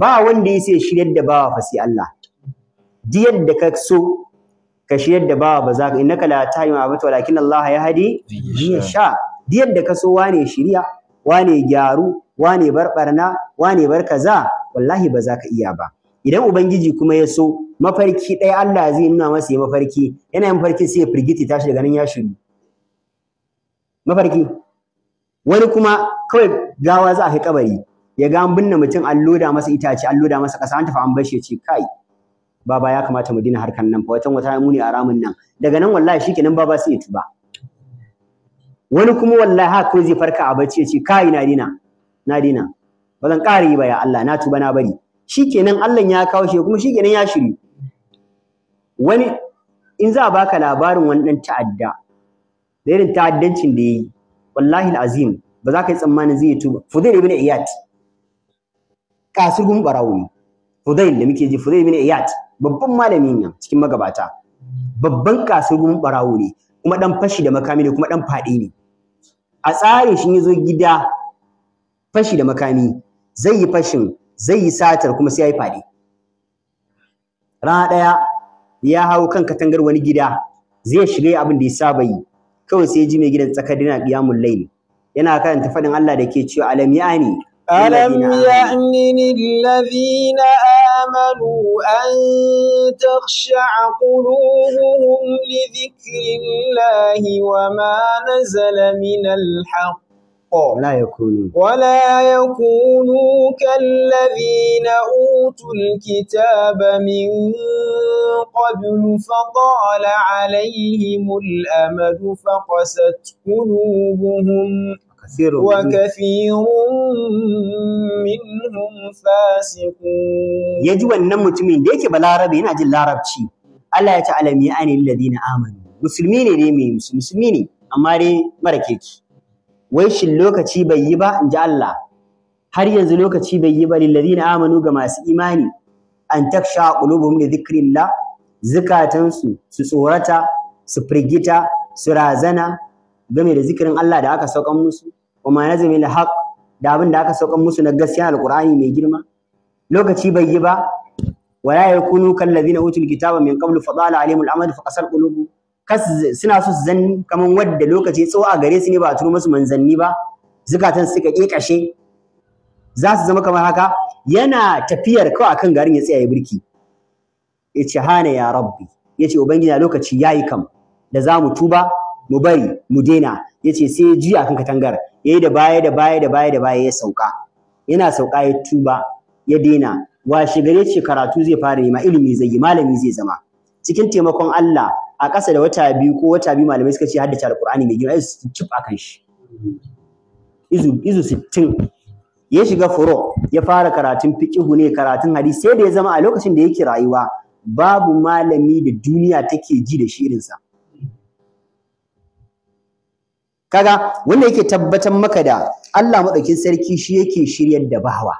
ba wanda ya shiryar da bawa fa sai Allah diyan da ka so ka shiryar da bawa ba za ka innaka la tahim abata walakin Allah ya hadi ya sha diyan da ka so wane shirya wane gyaru wane barbarna wane bar kaza wallahi ba za ka iya ba idan ubangiji kuma ya so mafarki ɗaya Allah zai nuna masa ya mafarki yana yin mafarki sai ya firgiti tashi daga nan ya shiru mafarki wani kuma kawai gawa za a kai kabari ya ga an binne mutum an loda masa itace an loda masa ƙasa an tafi an bar shi ya ce kai baba ya kamata mu dina harkan nan fa watan wata muni a nan daga nan wallahi shikenan baba sai ya tuba wani kuma wallahi haka ko zai farka a bacci ya ce kai na dina na dina ba zan ƙara yi ba ya Allah na tuba na bari shikenan Allah ya kawo shi kuma shikenan ya shiri wani in za a baka labarin wani dan ta'adda da irin ta'addancin da yayi wallahi alazim ba za ka yi tsammanin zai tuba fudail ibn iyat kasirgun barawo ne da muke ji fudayl bin Iyad babban malamin ne cikin magabata babban kasirgun barawo ne kuma dan fashi da makami ne kuma dan fadi ne a tsare shi zo gida fashi da makami zai yi fashin zai yi satar kuma sai ya yi fadi rana daya ya hawo kan katangar wani gida zai shiga abin da ya saba yi kawai sai ya ji mai gidan tsakar dina qiyamul layl yana karanta fadin Allah da ke cewa alam yani ألم يأن الذين آمنوا أن تخشع قلوبهم لذكر الله وما نزل من الحق ولا يكونوا ولا يكونوا كالذين أوتوا الكتاب من قبل فطال عليهم الأمد فقست قلوبهم وكثير وكثير منهم فاسقون يجي wannan mutumin da yake balarabe yana jin larabci Allah ya ce alami ani alladhina amanu musulmi ne ne mai musulmi ne amma dai mara keki wai shin lokaci bai yi ba in Allah har yanzu lokaci bai yi ba lilladhina amanu ga masu imani an taksha qulubuhum li dhikrillah zukatansu su tsorata su firgita su razana game da zikirin Allah da aka saukan musu kuma ma nazami da abin da aka sauka musu na gaskiya alqur'ani mai girma lokaci bai yi ba Wa wala yakunu kal ladina utul kitaba min qablu fadala alaihim al amad fa qasal qulubu kas suna so su zanni kaman wadda lokaci tsawo a gare su ne ba a turo musu manzanni ba zukatan suka kashe za su zama kamar haka yana tafiyar kawai akan garin ya tsaya birki ya ce ya rabbi ya ce ubangiji lokaci ya yi kam da za mu tuba mu bari mu daina yace sai ji akan katangar yayi da baya da baya da baya da baya ya sauka yana sauka ya tuba ya daina washe gare ce karatu zai fara nema ilimi zai yi malami zai zama cikin taimakon Allah a ƙasa da wata biyu ko wata biyu malamai suka ce haddace alqur'ani mai girma su cip kan shi izu izu 60 ya shiga furo ya fara karatun fiqihu ne karatun hadisi sai da ya zama a lokacin da yake rayuwa babu malami da duniya take ji da shi irinsa kaga wanda yake tabbatar maka da Allah madaukin sarki shi yake shiryar da bawa